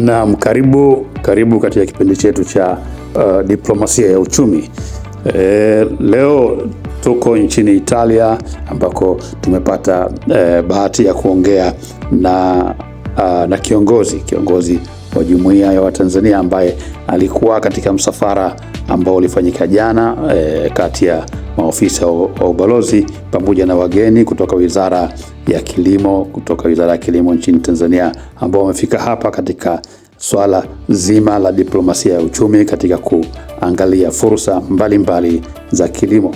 Naam, karibu karibu katika kipindi chetu cha uh, diplomasia ya uchumi. E, leo tuko nchini Italia ambako tumepata e, bahati ya kuongea na, uh, na kiongozi kiongozi wa jumuiya ya Watanzania ambaye alikuwa katika msafara ambao ulifanyika jana e, kati ya maofisa wa ubalozi pamoja na wageni kutoka wizara ya kilimo kutoka wizara ya kilimo nchini Tanzania ambao wamefika hapa katika swala zima la diplomasia ya uchumi katika kuangalia fursa mbalimbali za kilimo.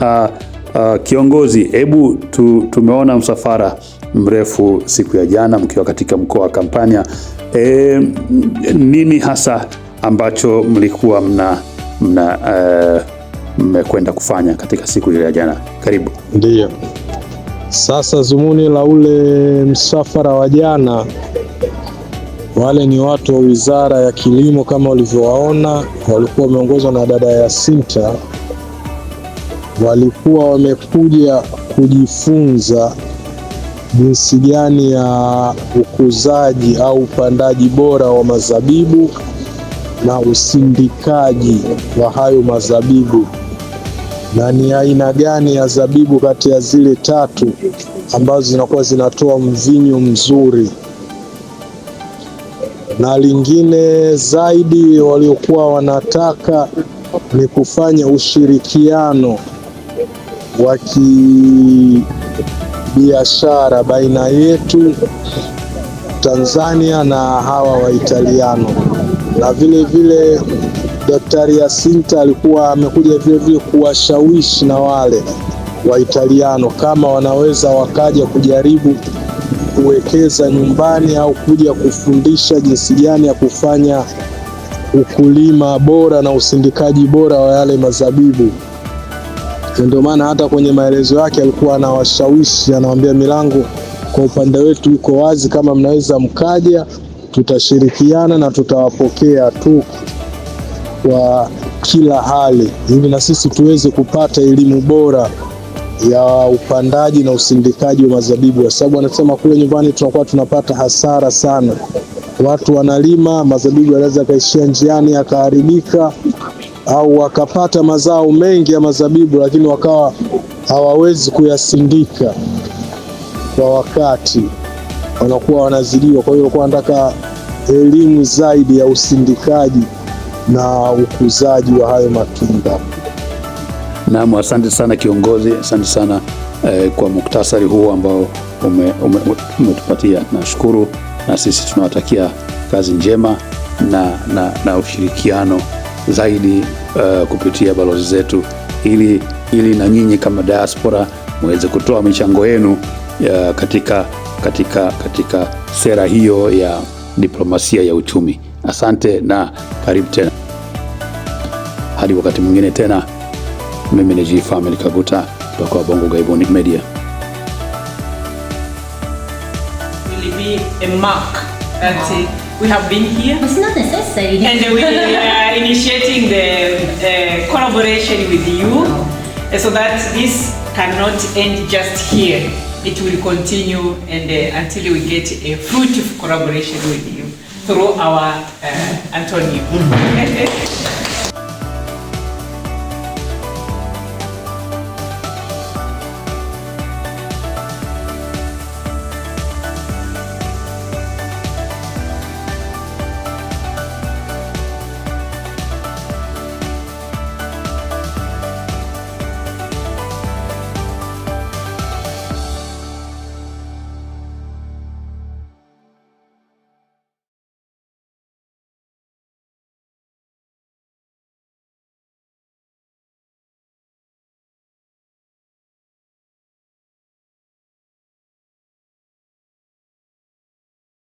Uh, uh, kiongozi, hebu tu, tumeona msafara mrefu siku ya jana mkiwa katika mkoa wa Kampania. E, eh, nini hasa ambacho mlikuwa mna, mna uh, mmekwenda kufanya katika siku ile ya jana? Karibu. Ndiyo, sasa zumuni la ule msafara wa jana, wale ni watu wa Wizara ya Kilimo kama ulivyowaona, walikuwa wameongozwa na dada ya sinta walikuwa wamekuja kujifunza jinsi gani ya ukuzaji au upandaji bora wa mazabibu na usindikaji wa hayo mazabibu na ni aina gani ya zabibu kati ya zile tatu ambazo zinakuwa zinatoa mvinyo mzuri. Na lingine zaidi waliokuwa wanataka ni kufanya ushirikiano wa kibiashara baina yetu Tanzania na hawa Waitaliano na vile vile Daktari Yasinta alikuwa amekuja vilevile kuwashawishi na wale Waitaliano kama wanaweza wakaja kujaribu kuwekeza nyumbani au kuja kufundisha jinsi gani ya kufanya ukulima bora na usindikaji bora wa yale mazabibu. Ndio maana hata kwenye maelezo yake alikuwa anawashawishi, anawaambia milango kwa upande wetu iko wazi, kama mnaweza mkaja, tutashirikiana na tutawapokea tu kwa kila hali, hivi na sisi tuweze kupata elimu bora ya upandaji na usindikaji wa mazabibu, kwa sababu anasema kule nyumbani tunakuwa tunapata hasara sana. Watu wanalima mazabibu, yanaweza akaishia njiani yakaharibika, au wakapata mazao mengi ya mazabibu, lakini wakawa hawawezi kuyasindika kwa wakati, wanakuwa wanazidiwa. Kwa hiyo walikuwa elimu zaidi ya usindikaji na ukuzaji wa hayo matunda. Naam, asante sana kiongozi, asante sana eh, kwa muktasari huu ambao umetupatia ume, ume nashukuru, na sisi tunawatakia kazi njema na, na, na ushirikiano zaidi uh, kupitia balozi zetu ili, ili na nyinyi kama diaspora muweze kutoa michango yenu katika, katika, katika sera hiyo ya diplomasia ya uchumi. Asante na karibu tena hadi wakati mwingine tena. Mimi ni G Family Kaguta kutoka Bongo Gaibuni Media. Uh, we have been here. It's not necessary. And we are uh, initiating the uh, collaboration with you oh. so that this cannot end just here. It will continue and uh, until we get a fruitful collaboration with you through our uh, Antonio. Mm-hmm.